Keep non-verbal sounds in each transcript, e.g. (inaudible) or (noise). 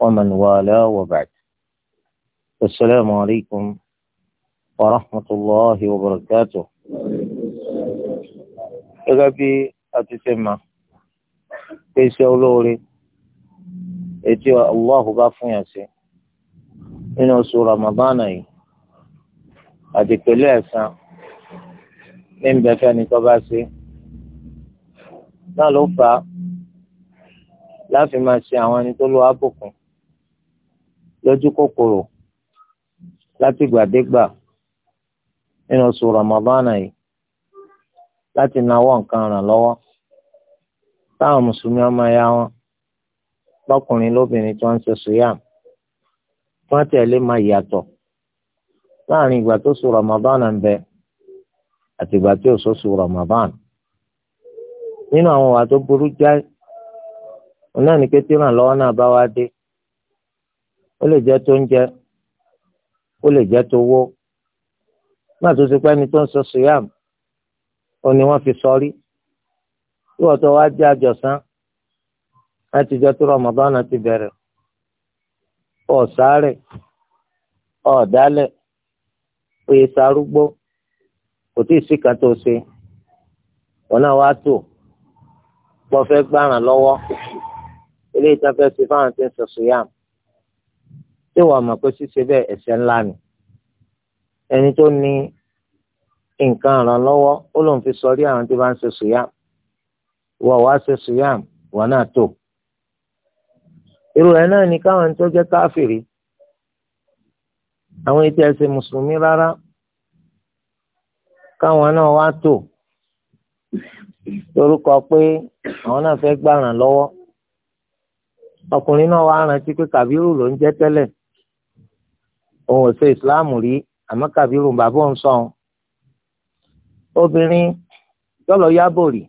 ومن والاه وبعد السلام عليكم ورحمة الله وبركاته gẹ́gẹ́ bí a ti ṣe mọ̀ pé iṣẹ́ olóore ètò Allahu bá fún yàn sí nínú oṣù ramadana yìí àti pẹ̀lú ẹ̀san ní nbẹ̀fẹ́ ni tó bá ṣe náà ló fà á láfi máa ṣe àwọn ẹni tó lo àbùkùn lójú kòkòrò láti gbàdégbà nínú oṣù ramadana yìí láti nawọ́ nǹkan ràn lọ́wọ́ táwọn mùsùlùmí ọmọ ya wọn lọ́kùnrin lóbìnrin tí wọ́n ń ṣe sùyàm wọ́n tẹ̀lé máa yàtọ̀ láàrin ìgbà tó oṣù ramadana ń bẹ àti ìgbà tí oṣooṣù ramadana nínú àwọn wà tó burú jáì wọn náà ní pé tí ìrànlọ́wọ́ náà bá wá dé ó lè jẹ́ tó ń jẹ ó lè jẹ́ tó wó náà tó ti pẹ́ ni tó ń sọ suyam ó ní wọ́n fi sọrí tí wọ́n tó wá jẹ́ àjọsán láti jẹ́ tó Ramadan ti bẹ̀rẹ̀ ọ̀ sáré oyè sarúgbó kò tí ì sí kan tó ṣe wọn náà wá tó wọ́n fẹ́ gbáràn lọ́wọ́ ilé ìtàn fẹ́ ṣe fáwọn tí ń sọ suyam ṣé wàá mọ̀ pé ṣíṣe bẹ́ẹ̀ ẹ̀ṣẹ̀ ńlá ni ẹni tó ní nǹkan ìrànlọ́wọ́ ó lóun fi sọrí àwọn tí wọ́n ń ṣe sùyàm wọ́n wá ṣe sùyàm wọ́n náà tó irú náà ni káwọn tó jẹ́ káfìrí àwọn ètò ẹ̀sìn mùsùlùmí rárá káwọn náà wá tó lórúkọ pé àwọn náà fẹ́ gbàràn lọ́wọ́ ọkùnrin náà wá rántí pé kàbírù ló ń jẹ́ tẹ́lẹ̀ òun ò ṣe ìsìláàmù rí àmọ́ kàbírù bàbá òun sọ̀n obìnrin tọ́lọ̀ yábò rí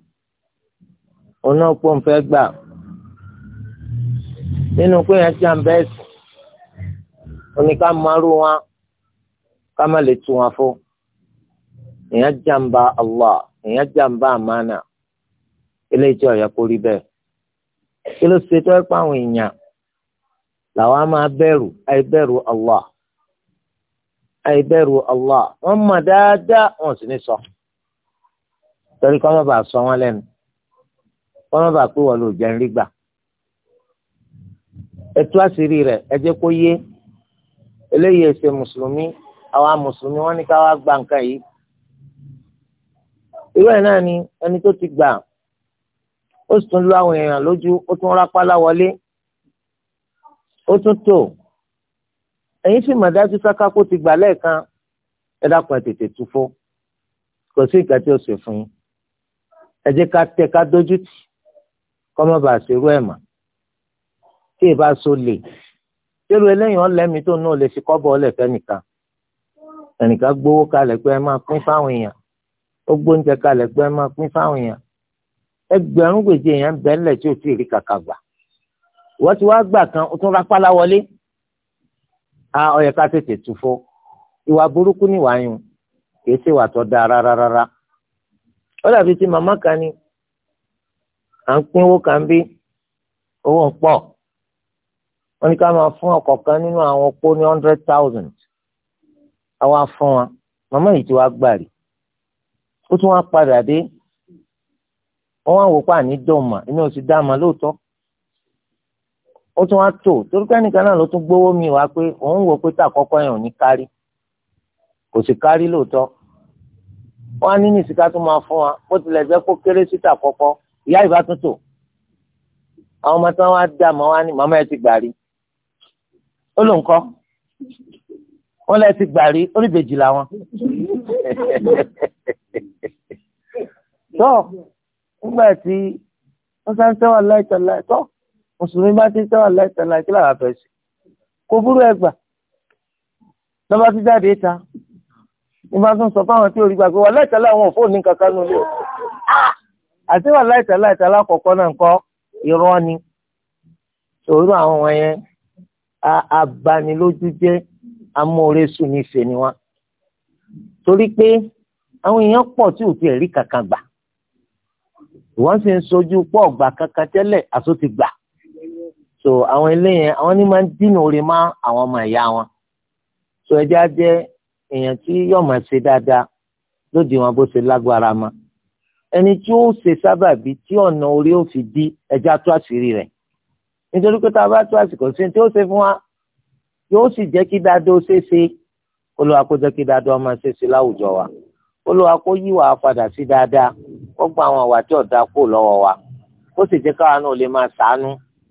òun náà pọ̀ ń fẹ́ gbà nínú pé yẹn ti à ń bẹ́ẹ̀ sùn oníkà márù wọn ká má lè tu wọn fún èèyàn jàǹbá Allah èèyàn jàǹbá àmánà eléyìí tí ọ̀yà kórí bẹ́ẹ̀ kí ló ṣe tó ẹ pa àwọn èèyàn làwọn á máa bẹ̀rù àìbẹ̀rù Allah àìbẹ̀rù Allah wọ́n mọ̀ dáadáa wọ́n sì ní sọ torí kọ́ mọ́ bá sọ wọ́n lẹ́nu kọ́ mọ́ bá pé wọ́n lò jẹun rí gbà ètò àṣírí rẹ̀ ẹ jẹ́ kó yé eléyìí ẹsẹ̀ mùsùlùmí àwa mùsùlùmí wọ́n ní ká wá gba nǹkan yìí irú náà ni ẹni tó ti gbà ó sì tún lu àwọn èèyàn lójú ó tún rápálá wọlé ó tún tò ẹ̀yin sì mà dájú sáká kó ti gbà lẹ́ẹ̀kan ẹ dákun ẹ tètè tu fó kò sí ìgbà tí ó ṣe fún yín ẹ jẹ́ ká tẹ ká dójú tì kọ́ mọ́ bàa ṣerú ẹ̀ mà tí ì bá so lè ṣerú eléyìí ọ̀lẹ́mi tó náà lè fi kọ́bọ̀ ọ̀lẹ̀ fẹ́nìkan ẹnìkan gbowó kalẹ̀ pé ẹ máa pín fáwọn èèyàn ó gbóúnjẹ kalẹ̀ pé ẹ máa pín fáwọn èèyàn ẹgbẹ̀rún gbèjì èèyàn bẹ́ẹ̀ lẹ̀ tí ò tí ì rí kàkà gbà wọ́n ti wá gbà kan ó tún rápálá wọlé a ó yẹ ká tètè túfó ìwà burúkú ni wàá yun kì í ṣe wà tó dáa rárá rárá ó dàbí ti màmá kan ni à ń pínwó kan bí owó ń pọ̀ wọ́n ní ká máa fún ọ̀kọ̀ọ̀kan nínú àwọn opó ní hundred thousand àwa fún wa màmá yìí ti wá gbàrí ó tún wá padà dé wọ́n wá wò pa ní dọ́ọ̀mà inú oṣù dáàmà lóòótọ́ ó tún wá tò torí pé ẹnìkan náà ló tún gbówó mi wá pé òun wò pé tàkọ́kọ́ yẹn ò ní kárí kò sì kárí lóòótọ́ wọ́n á ní ní ìsìká tó máa fún wa bó tilẹ̀ jẹ́ kó kéré sí tàkọ́kọ́ ìyá ìbá tún tò àwọn ọmọ tí wọ́n wá dá mọ́ wá ní màmá ẹ ti gbàrí ó ló ń kọ́ wọ́n lẹ ti gbàrí ó ní làwọn (laughs) tó nígbà tí wọ́n sá ń láìtọ́ láìtọ́ mùsùlùmí bá ti tẹ́wà lẹ́sẹ̀ náà kí làwọn fẹ́ sí kó burú ẹgbà lọ́ba ti jáde ta ní bá tún sọ fáwọn tí orí gbàgbé wà láìta láwọn ò fóònù kankan nulẹ̀ o àti wà láìta láìta lákọ̀ọ́kọ́ náà kọ́ irọ́ ni sòrò àwọn wọn yẹn abanilójú jẹ́ amóoresu ní ìfẹ́ ni wọn torí pé àwọn èèyàn pọ̀ tí ò tiẹ̀ rí kankan gbà wọ́n sì ń sojú pọ̀ gbà kankan tẹ́lẹ̀ àsó gbà so àwọn eléyẹn àwọn ní máa ń dínà orí má àwọn ọmọ ìyá wọn so ẹjẹ á jẹ èèyàn tí yóò máa ṣe dáadáa lóde wọn bó ṣe lágbára ma ẹni tí ó ṣe sábàbí tí ọ̀nà orí ó fi dí ẹja tó àṣírí rẹ̀ nítorí pé tá a bá tó àsìkò sí tí ó ṣe fún wa yóò sì jẹ́ kí dáadọ́ ṣe é ṣe olùwà kó jẹ́ kí dáadọ́ máa ṣe é ṣe láwùjọ wa olùwà kó yí wàá padà sí dáadáa kó gba àwọn àwàtí ọ̀dà kó lọ́wọ́ wa kó sì jẹ́ káwa náà lè máa ṣàánú